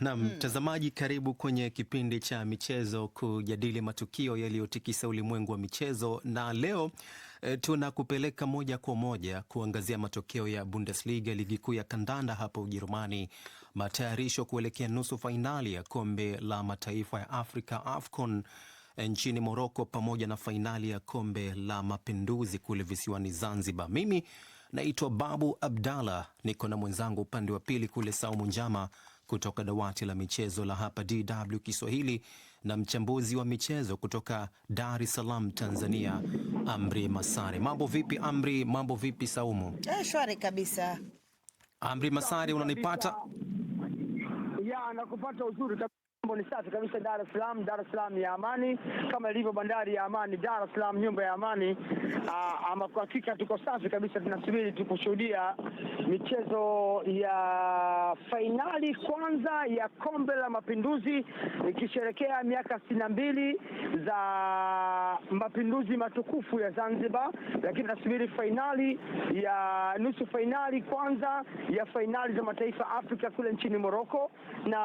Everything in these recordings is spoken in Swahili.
Na hmm. mtazamaji karibu kwenye kipindi cha michezo kujadili matukio yaliyotikisa ulimwengu wa michezo, na leo e, tunakupeleka moja kwa moja kuangazia matokeo ya Bundesliga, ligi kuu ya kandanda hapa Ujerumani, matayarisho kuelekea nusu fainali ya kombe la mataifa ya Afrika AFCON eh, nchini Morocco, pamoja na fainali ya kombe la mapinduzi kule visiwani Zanzibar. Mimi naitwa Babu Abdallah, niko na mwenzangu upande wa pili kule Saumu Njama kutoka dawati la michezo la hapa DW Kiswahili na mchambuzi wa michezo kutoka Dar es Salaam Tanzania, Amri Masare. Mambo vipi Amri? Mambo vipi Saumu? Eh, shwari kabisa. Amri Masare, unanipata? Ya, nakupata uzuri kabisa mambo ni safi kabisa Dar es Salaam, Dar es Salaam ya amani kama ilivyo bandari ya amani, Dar es Salaam nyumba ya amani. Aa, ah, ama kwa hakika tuko safi kabisa, tunasubiri tukushuhudia michezo ya fainali kwanza ya kombe la mapinduzi ikisherekea miaka sitini na mbili za mapinduzi matukufu ya Zanzibar, lakini tunasubiri fainali ya nusu fainali kwanza ya fainali za mataifa Afrika kule nchini Moroko, na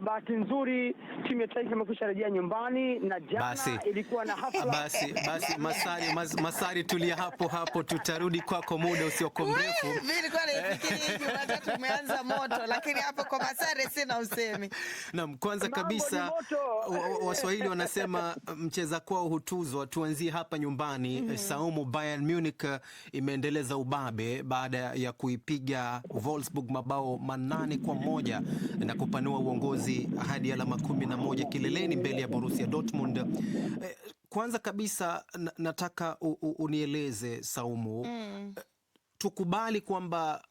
bahati nzuri timu ya taifa imekwisha rejea nyumbani na jana basi, ilikuwa na hafla basi, basi Masari, mas, Masari tulia hapo hapo, tutarudi kwako muda usiokuwa mrefu. Mimi Nilikuwa nafikiri Jumatatu umeanza moto, lakini hapo kwa Masari sina usemi. Naam, kwanza kabisa Waswahili wanasema um, mcheza kwao hutuzwa, tuanzie hapa nyumbani. mm -hmm. Saumu, Bayern Munich uh, imeendeleza ubabe baada ya kuipiga Wolfsburg mabao manane kwa moja na kupanua uongozi hadi alama 11 kileleni mbele ya Borussia Dortmund. Eh, kwanza kabisa nataka unieleze Saumu, mm. Tukubali kwamba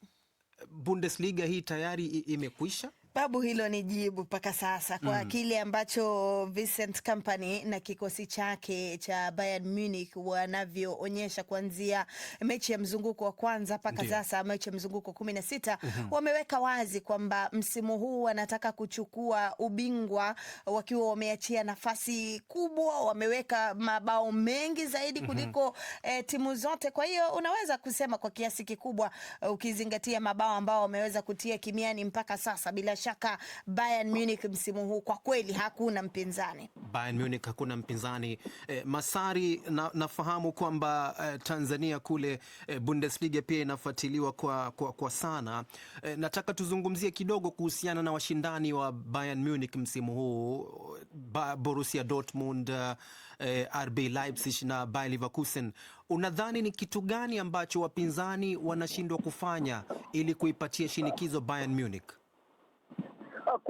Bundesliga hii tayari imekwisha Babu, hilo ni jibu mpaka sasa kwa mm. kile ambacho Vincent Company na kikosi chake cha Bayern Munich wanavyoonyesha kuanzia mechi ya mzunguko wa kwanza mpaka sasa mechi ya mzunguko kumi na sita mm -hmm. wameweka wazi kwamba msimu huu wanataka kuchukua ubingwa wakiwa wameachia nafasi kubwa, wameweka mabao mengi zaidi mhm. kuliko mm -hmm. eh, timu zote. Kwa hiyo unaweza kusema kwa kiasi kikubwa ukizingatia mabao ambao wameweza kutia kimiani mpaka sasa bila shaka Bayern Munich msimu huu kwa kweli hakuna mpinzani. Bayern Munich hakuna mpinzani. E, Masari na, nafahamu kwamba e, Tanzania kule e, Bundesliga pia inafuatiliwa kwa, kwa, kwa sana. E, nataka tuzungumzie kidogo kuhusiana na washindani wa Bayern Munich msimu huu ba, Borussia Dortmund e, RB Leipzig na Bayer Leverkusen. Unadhani ni kitu gani ambacho wapinzani wanashindwa kufanya ili kuipatia shinikizo Bayern Munich?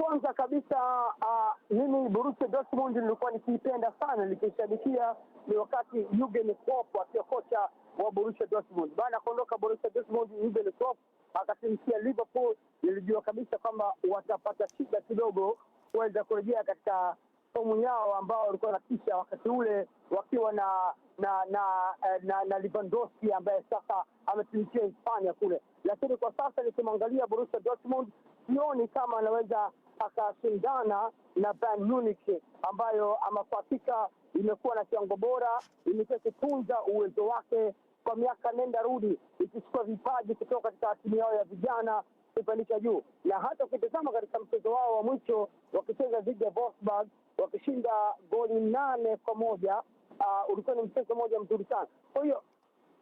Kwanza kabisa uh, mimi Borussia Dortmund nilikuwa nikiipenda sana nikishabikia, ni wakati Jurgen Klopp akiwa kocha wa Borussia Dortmund. Baada ya kuondoka Borussia Dortmund, Jurgen Klopp akatimkia Liverpool. Nilijua kabisa kwamba watapata shida kidogo kuweza kurejea katika fomu yao ambao walikuwa nakisha wakati ule wakiwa na na na na, eh, na, na Lewandowski ambaye sasa ametumikia Hispania kule, lakini kwa sasa nikimwangalia Borussia Dortmund sioni kama anaweza akashindana na Bayern Munich ambayo ama kwa hakika imekuwa na kiwango bora, imekuwa ikitunza uwezo wake kwa miaka nenda rudi, ikichukua vipaji kutoka katika timu yao ya vijana kupandisha juu, na hata ukitazama katika mchezo wao wa mwisho wakicheza dhidi ya Wolfsburg wakishinda goli nane kwa moja uh, ulikuwa ni mchezo mmoja mzuri sana. Kwa hiyo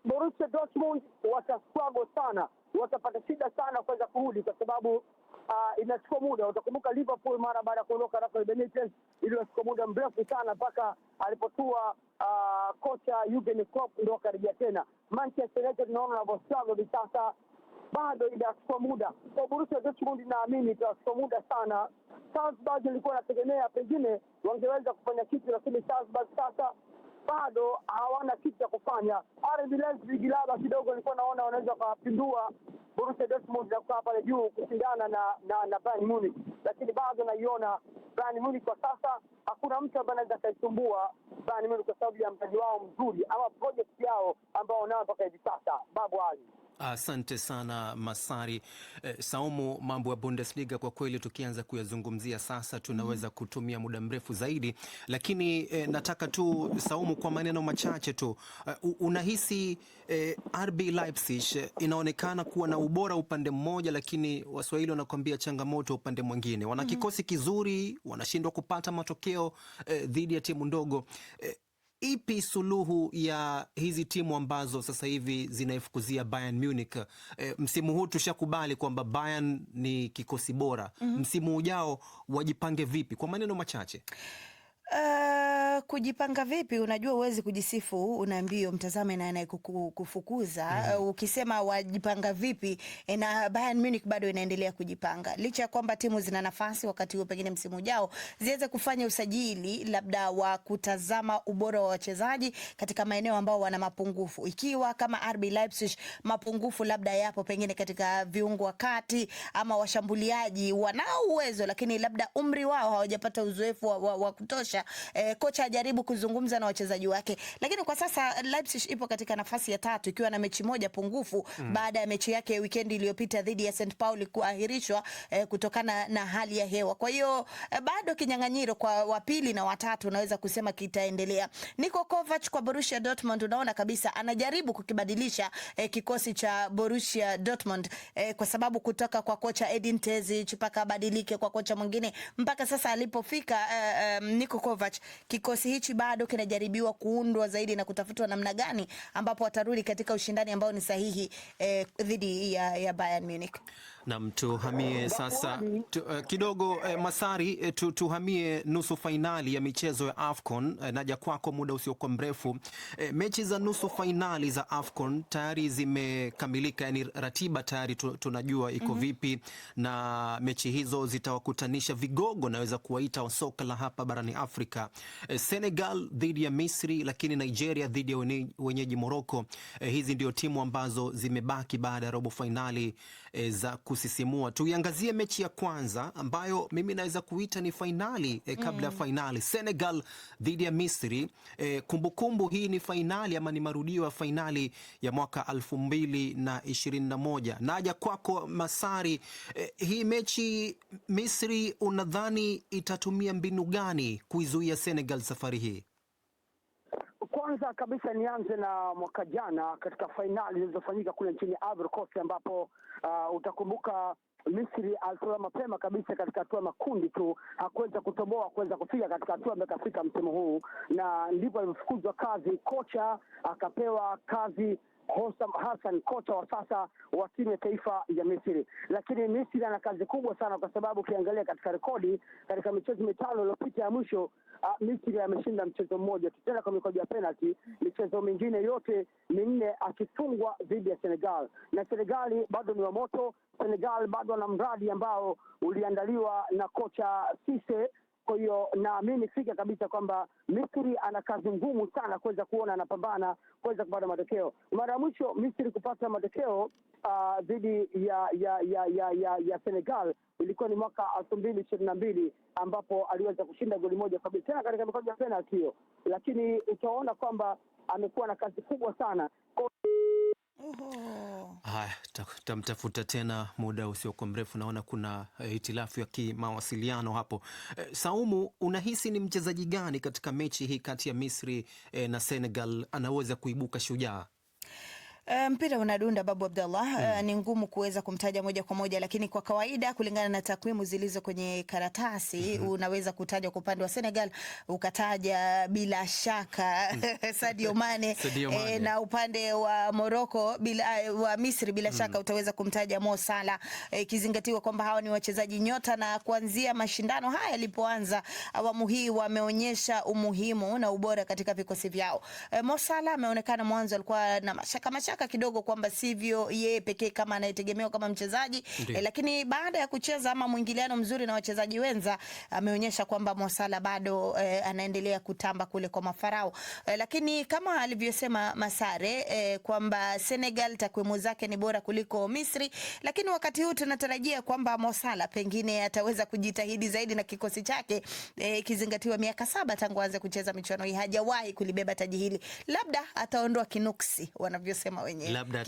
Borussia Dortmund wataswago sana, watapata shida sana kuweza kurudi kwa sababu uh, inachukua muda. Utakumbuka Liverpool mara baada ya kuondoka Rafael Benitez iliyochukua muda mrefu sana mpaka alipotua uh, kocha Jurgen Klopp ndo akarejea tena. Manchester United naona wanavyostruggle hivi sasa, bado inachukua muda kwa Borussia Dortmund, naamini itachukua muda sana. Salzburg ilikuwa inategemea pengine wangeweza kufanya kitu, lakini Salzburg sasa bado hawana kitu cha kufanya. RB Leipzig labda kidogo nilikuwa naona wanaweza wakapindua Borussia Dortmund na kukaa pale juu kushindana na na, na Bayern Munich, lakini bado naiona Bayern Munich kwa sasa hakuna mtu ambaye anaweza akaisumbua Bayern Munich kwa sababu ya mtaji wao mzuri ama project yao ambao wanao mpaka hivi sasa. Babu Ali Asante sana Masari. E, Saumu, mambo ya Bundesliga kwa kweli tukianza kuyazungumzia sasa tunaweza mhm. kutumia muda mrefu zaidi, lakini e, nataka tu Saumu, kwa maneno machache tu e, unahisi e, RB Leipzig inaonekana kuwa na ubora upande mmoja, lakini Waswahili wanakwambia changamoto upande mwingine. Wana mhm. kikosi kizuri, wanashindwa kupata matokeo e, dhidi ya timu ndogo e, ipi suluhu ya hizi timu ambazo sasa hivi zinaifukuzia Bayern Munich? E, msimu huu tushakubali kwamba Bayern ni kikosi bora mm -hmm. Msimu ujao wajipange vipi? Kwa maneno machache Uh, kujipanga vipi? Unajua uwezi kujisifu, una mtazame na anayekufukuza. yeah. Mm-hmm. Uh, ukisema wajipanga vipi na Bayern Munich bado inaendelea kujipanga licha ya kwamba timu zina nafasi wakati huo pengine msimu ujao ziweze kufanya usajili labda wa kutazama ubora wa wachezaji katika maeneo ambao wana mapungufu, ikiwa kama RB Leipzig mapungufu labda yapo pengine katika viungo wa kati ama washambuliaji, wanao uwezo lakini labda umri wao hawajapata uzoefu wa, wa, wa kutosha kocha e, eh, kocha ajaribu kuzungumza na wachezaji wake, lakini kwa sasa Leipzig ipo katika nafasi ya tatu ikiwa na mechi moja pungufu mm. baada ya mechi yake ya weekend iliyopita dhidi ya St Pauli kuahirishwa e, kutokana na hali ya hewa. Kwa hiyo e, bado kinyang'anyiro kwa wapili na watatu naweza kusema kitaendelea. Niko Kovac kwa Borussia Dortmund, unaona kabisa anajaribu kukibadilisha e, kikosi cha Borussia Dortmund e, kwa sababu kutoka kwa kocha Edin Terzic mpaka abadilike kwa kocha mwingine mpaka sasa alipofika e, e, niko Kovac. Kikosi hichi bado kinajaribiwa kuundwa zaidi na kutafutwa namna gani ambapo watarudi katika ushindani ambao ni sahihi eh, dhidi ya, ya Bayern Munich. Nam, tuhamie sasa tu, uh, kidogo eh, Masari eh, tu, tuhamie nusu fainali ya michezo ya AFCON eh, naja kwako muda usiokuwa mrefu eh, mechi za nusu fainali za AFCON tayari zimekamilika, yani ratiba tayari tu, tunajua iko mm -hmm. vipi na mechi hizo zitawakutanisha vigogo naweza kuwaita wasoka soka la hapa barani Afrika eh, Senegal dhidi ya Misri, lakini Nigeria dhidi ya wenyeji Morocco. Eh, hizi ndio timu ambazo zimebaki baada ya robo fainali e, za kusisimua. Tuiangazie mechi ya kwanza ambayo mimi naweza kuita ni fainali e, eh, kabla ya mm. fainali Senegal dhidi ya Misri. E, kumbukumbu hii ni fainali ama ni marudio ya fainali ya mwaka 2021. Naja kwako Masari, e, hii mechi Misri unadhani itatumia mbinu gani kuizuia Senegal safari hii? Kwanza kabisa nianze na mwaka jana katika fainali zilizofanyika kule nchini Ivory Coast ambapo uh, utakumbuka Misri alitoa mapema kabisa katika hatua makundi tu, hakuweza kutoboa kuweza kufika katika hatua ambayo ikafika msimu huu, na ndipo alipofukuzwa kazi kocha, akapewa kazi Hosam Hassan kocha wa sasa wa timu ya taifa ya Misri. Lakini Misri ana kazi kubwa sana, kwa sababu ukiangalia katika rekodi katika michezo mitano iliyopita ya mwisho uh, Misri ameshinda mchezo mmoja kitenda kwa mikojo ya penalti michezo mingine yote minne akifungwa dhidi ya Senegal, na Senegali bado ni wamoto. Senegal bado ana mradi ambao uliandaliwa na kocha Sise kwa hiyo naamini fika kabisa kwamba Misri ana kazi ngumu sana kuweza kuona anapambana kuweza kupata matokeo. Mara ya mwisho Misri kupata matokeo ah, dhidi uh, ya, ya, ya, ya, ya, ya Senegal ilikuwa ni mwaka elfu mbili ishirini na mbili ambapo aliweza kushinda goli moja kwa tena katika mikono ya penalti hiyo, lakini utaona kwamba amekuwa na kazi kubwa sana Haya, tamtafuta tena muda usiokuwa mrefu. Naona kuna eh, hitilafu ya kimawasiliano hapo. Eh, Saumu, unahisi ni mchezaji gani katika mechi hii kati ya Misri eh, na Senegal anaweza kuibuka shujaa? Eh, mpira um, unadunda Babu Abdallah eh, Hmm. Uh, ni ngumu kuweza kumtaja moja kwa moja, lakini kwa kawaida kulingana na takwimu zilizo kwenye karatasi -hmm. unaweza kutaja kwa upande wa Senegal ukataja bila shaka hmm. Sadio Mane, Sadio eh, Mane. E, na upande wa Morocco bila, wa Misri bila mm. shaka utaweza kumtaja Mo Salah ikizingatiwa e, kwamba hawa ni wachezaji nyota na kuanzia mashindano haya yalipoanza awamu hii wameonyesha umuhimu na ubora katika vikosi vyao. E, Mo Salah ameonekana mwanzo alikuwa na mashaka mashaka shaka kidogo kwamba sivyo yeye pekee kama anayetegemewa kama mchezaji e, lakini baada ya kucheza ama mwingiliano mzuri na wachezaji wenza ameonyesha kwamba Mosala bado e, anaendelea kutamba kule kwa mafarao e, lakini kama alivyosema Masare e, kwamba Senegal takwimu zake ni bora kuliko Misri, lakini wakati huu tunatarajia kwamba Mosala pengine ataweza kujitahidi zaidi na kikosi chake ikizingatiwa eh, miaka saba tangu aanze kucheza michuano hii hajawahi kulibeba taji hili, labda ataondoa kinuksi wanavyosema wenyewe. Labda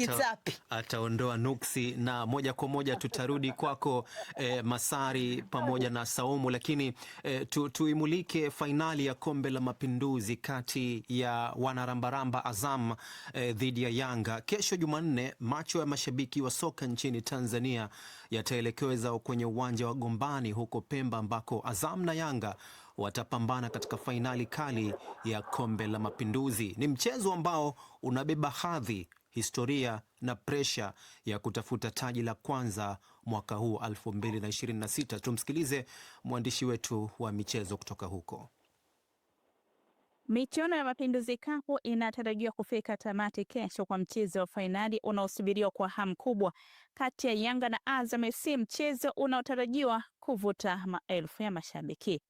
ataondoa nuksi na moja kwa moja tutarudi kwako eh, Masari pamoja na Saumu, lakini eh, tu, tuimulike fainali ya Kombe la Mapinduzi kati ya wanarambaramba Azam eh, dhidi ya Yanga kesho Jumanne. Macho ya mashabiki wa soka nchini Tanzania yataelekezwa kwenye uwanja wa Gombani huko Pemba ambako Azam na Yanga watapambana katika fainali kali ya Kombe la Mapinduzi. Ni mchezo ambao unabeba hadhi historia na presha ya kutafuta taji la kwanza mwaka huu 2026. Tumsikilize mwandishi wetu wa michezo kutoka huko. Michuano ya Mapinduzi Cup inatarajiwa kufika tamati kesho kwa mchezo wa fainali unaosubiriwa kwa hamu kubwa kati ya Yanga na Azam FC, mchezo unaotarajiwa kuvuta maelfu ya mashabiki.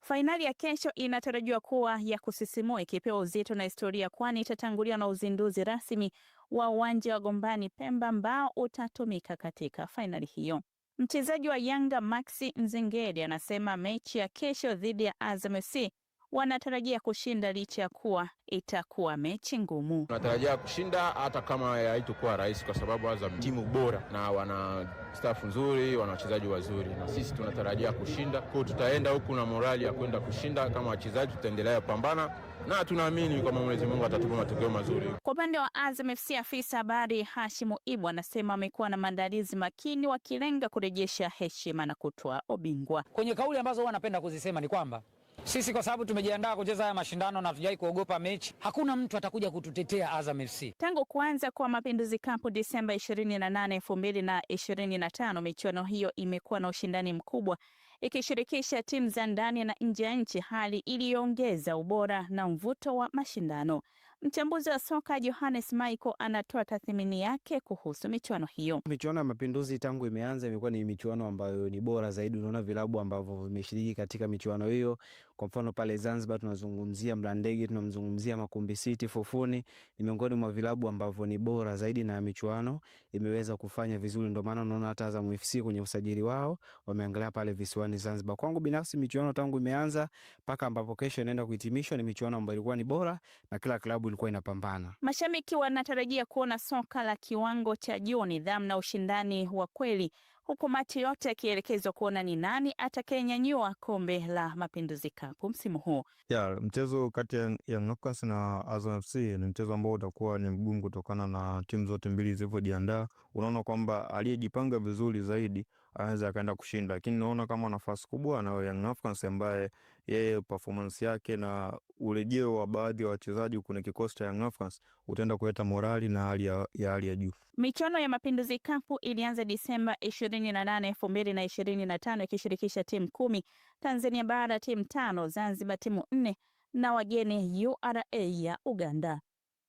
Fainali ya kesho inatarajiwa kuwa ya kusisimua, ikipewa uzito na historia, kwani itatanguliwa na uzinduzi rasmi wa uwanja wa Gombani Pemba ambao utatumika katika fainali hiyo. Mchezaji wa Yanga Maxi Nzengeli anasema mechi ya kesho dhidi ya Azam FC wanatarajia kushinda licha ya kuwa itakuwa mechi ngumu. Tunatarajia kushinda hata kama haitokuwa rahisi, kwa sababu Azam timu bora na wana stafu nzuri, wana wachezaji wazuri, na sisi tunatarajia kushinda. Kwa tutaenda huku na morali ya kwenda kushinda. Kama wachezaji tutaendelea kupambana na tunaamini kwamba Mwenyezi Mungu atatupa matokeo mazuri. Kwa upande wa Azam FC, afisa habari Hashimu Ibu anasema amekuwa na maandalizi makini, wakilenga kurejesha heshima na kutoa ubingwa. Kwenye kauli ambazo anapenda kuzisema ni kwamba sisi kwa sababu tumejiandaa kucheza haya mashindano na tujai kuogopa mechi, hakuna mtu atakuja kututetea Azam FC. Tangu kuanza kwa Mapinduzi Cup Disemba 28, 2025, michuano hiyo imekuwa na ushindani mkubwa ikishirikisha timu za ndani na nje ya nchi, hali iliyoongeza ubora na mvuto wa mashindano. Mchambuzi wa soka Johannes Michael anatoa tathmini yake kuhusu michuano hiyo. Michuano ya Mapinduzi tangu imeanza imekuwa ni michuano ambayo ni bora zaidi. Unaona vilabu ambavyo vimeshiriki katika michuano hiyo kwa mfano pale Zanzibar tunazungumzia Mlandege, tunamzungumzia Makumbi City, Fufuni ni miongoni mwa vilabu ambavyo ni bora zaidi na michuano imeweza kufanya vizuri, ndio maana unaona hata Azam FC kwenye usajili wao wameangalia pale visiwani Zanzibar. Kwangu binafsi michuano tangu imeanza mpaka ambapo kesho inaenda kuhitimishwa ni michuano ambayo ilikuwa ni bora na kila klabu ilikuwa inapambana. Mashabiki wanatarajia kuona soka la kiwango cha juu, nidhamu na ushindani wa kweli huku macho yote yakielekezwa kuona ni nani atakayenyanyua kombe la Mapinduzi Cup msimu huu. Yeah, mchezo kati ya Young na Azam FC ni mchezo ambao utakuwa ni mgumu kutokana na timu zote mbili zilivyojiandaa. Unaona kwamba aliyejipanga vizuri zaidi anaweza akaenda kushinda, lakini naona kama nafasi kubwa anayo Young Africans ambaye yeye performance yake na urejeo wa baadhi ya wachezaji kwenye kikosi cha Young Africans utaenda kuleta morali na hali ya hali ya juu. Michuano ya Mapinduzi Cup ilianza Disemba 28, 2025 ikishirikisha timu kumi, Tanzania Bara timu tano, Zanzibar timu nne na wageni URA ya Uganda.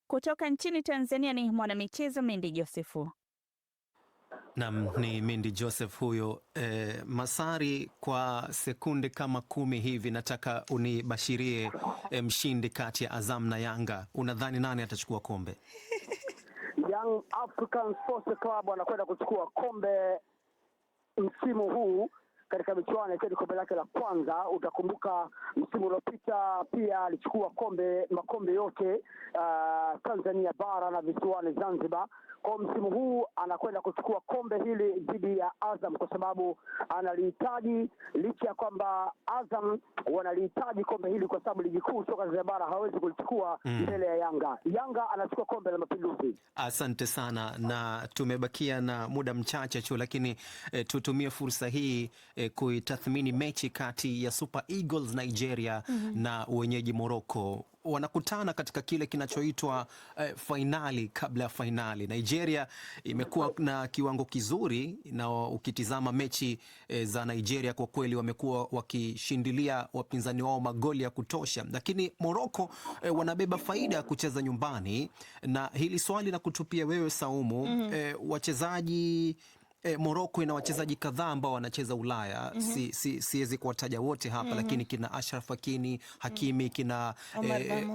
Kutoka nchini Tanzania ni mwanamichezo mindi Josefu. Nam ni Mindi Joseph huyo. E, Masari, kwa sekunde kama kumi hivi nataka unibashirie eh, mshindi kati ya Azam na Yanga. Unadhani nani atachukua kombe? Young African Sports Club anakwenda kuchukua kombe msimu huu katika michuano ya ni kombe lake la kwanza. Utakumbuka msimu uliopita pia alichukua kombe makombe yote uh, Tanzania bara na visiwani Zanzibar. Kwa msimu huu anakwenda kuchukua kombe hili dhidi ya Azam kwa sababu analihitaji, licha ya kwamba Azam wanalihitaji kombe hili kwa sababu ligi kuu soka Tanzania bara hawezi kulichukua mm. mbele mm. ya Yanga. Yanga anachukua kombe la Mapinduzi. Asante sana, na tumebakia na muda mchache tu, lakini eh, tutumie fursa hii eh, eh, kuitathmini mechi kati ya Super Eagles Nigeria mm -hmm. na wenyeji Morocco wanakutana katika kile kinachoitwa eh, fainali kabla ya fainali. Nigeria imekuwa na kiwango kizuri, na ukitizama mechi eh, za Nigeria kwa kweli wamekuwa wakishindilia wapinzani wao magoli ya kutosha, lakini Morocco eh, wanabeba faida ya kucheza nyumbani, na hili swali la kutupia wewe Saumu, mm -hmm. eh, wachezaji e, Morocco ina wachezaji kadhaa ambao wanacheza Ulaya mm -hmm. siwezi si, kuwataja wote hapa mm -hmm. lakini kina Ashraf Hakimi, Hakimi kina Omar e,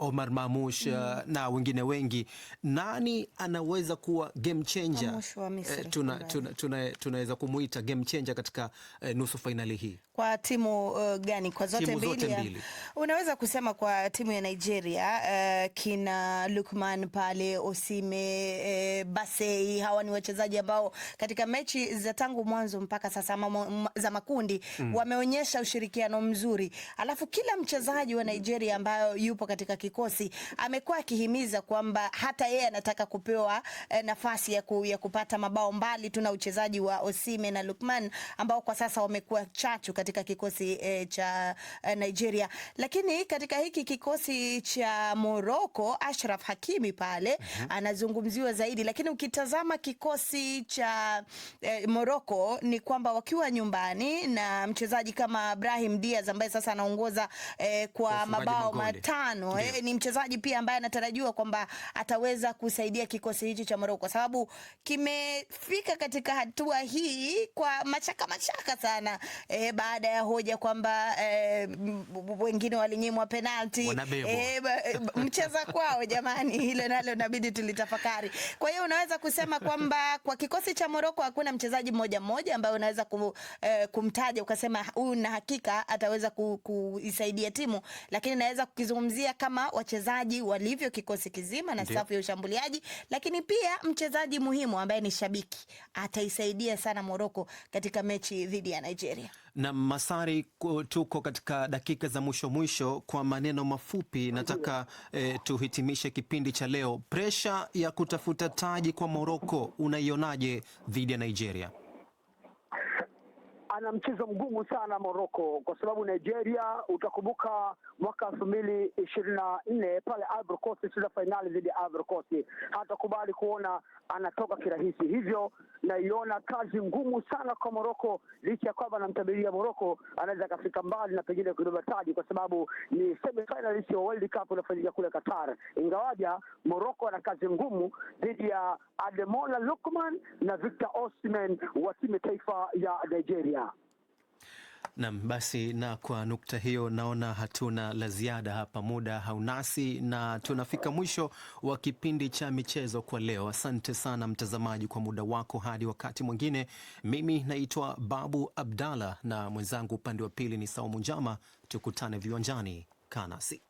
Omar mamush mm. Eh, na wengine wengi, nani anaweza kuwa game changer e, tuna, tuna, tunaweza kumuita game changer katika eh, nusu fainali hii kwa timu uh, gani? Kwa zote mbili unaweza kusema kwa timu ya Nigeria uh, kina Lukman pale Osime eh, Basei, hawa ni wachezaji ambao katika mechi za tangu mwanzo mpaka sasa ma, za makundi mm. wameonyesha ushirikiano mzuri, alafu kila mchezaji wa Nigeria ambayo yupo katika kikosi amekuwa akihimiza kwamba hata yeye anataka kupewa eh, nafasi ya, ku, ya kupata mabao mbali. Tuna uchezaji wa Osime na Lukman ambao kwa sasa wamekuwa chachu katika kikosi eh, cha eh, Nigeria, lakini katika hiki kikosi cha Morocco Ashraf Hakimi pale mm -hmm. anazungumziwa zaidi, lakini ukitazama kikosi cha eh, Morocco ni kwamba wakiwa nyumbani na mchezaji kama Brahim Diaz ambaye sasa anaongoza eh, kwa mabao matano eh, ambaye ni mchezaji pia ambaye anatarajiwa kwamba ataweza kusaidia kikosi hicho cha Morocco, kwa sababu kimefika katika hatua hii kwa machaka machaka sana e, baada ya hoja kwamba e, wengine walinyimwa penalti e, mcheza kwao. Jamani, hilo nalo inabidi tulitafakari. Kwa hiyo unaweza kusema kwamba kwa kikosi cha Morocco hakuna mchezaji mmoja mmoja ambaye unaweza kum, e, kumtaja ukasema huyu na hakika ataweza kuisaidia timu, lakini naweza kukizungumzia kama kama wachezaji walivyo, kikosi kizima na safu ya ushambuliaji, lakini pia mchezaji muhimu ambaye ni shabiki ataisaidia sana moroko katika mechi dhidi ya Nigeria. Na Masari, tuko katika dakika za mwisho mwisho, kwa maneno mafupi nataka eh, tuhitimishe kipindi cha leo. Presha ya kutafuta taji kwa moroko unaionaje dhidi ya Nigeria? ana mchezo mgumu sana Morocco, kwa sababu Nigeria, utakumbuka mwaka elfu mbili ishirini na nne pale Ivory Coast cheza fainali dhidi ya Ivory Coast, hatakubali kuona anatoka kirahisi. Hivyo naiona kazi ngumu sana kwa Morocco, licha ya kwamba anamtabiria Morocco anaweza akafika mbali na pengine kubeba taji, kwa sababu ni semi finalist wa World Cup unafanyika kule Qatar, ingawaja Morocco ana kazi ngumu dhidi ya Ademola lukman na Victor Osimhen wa timu taifa ya Nigeria. Nam basi, na kwa nukta hiyo naona hatuna la ziada hapa, muda haunasi na tunafika mwisho wa kipindi cha michezo kwa leo. Asante sana mtazamaji kwa muda wako, hadi wakati mwingine. Mimi naitwa Babu Abdalla na mwenzangu upande wa pili ni Saumu Njama. Tukutane viwanjani, kaa nasi.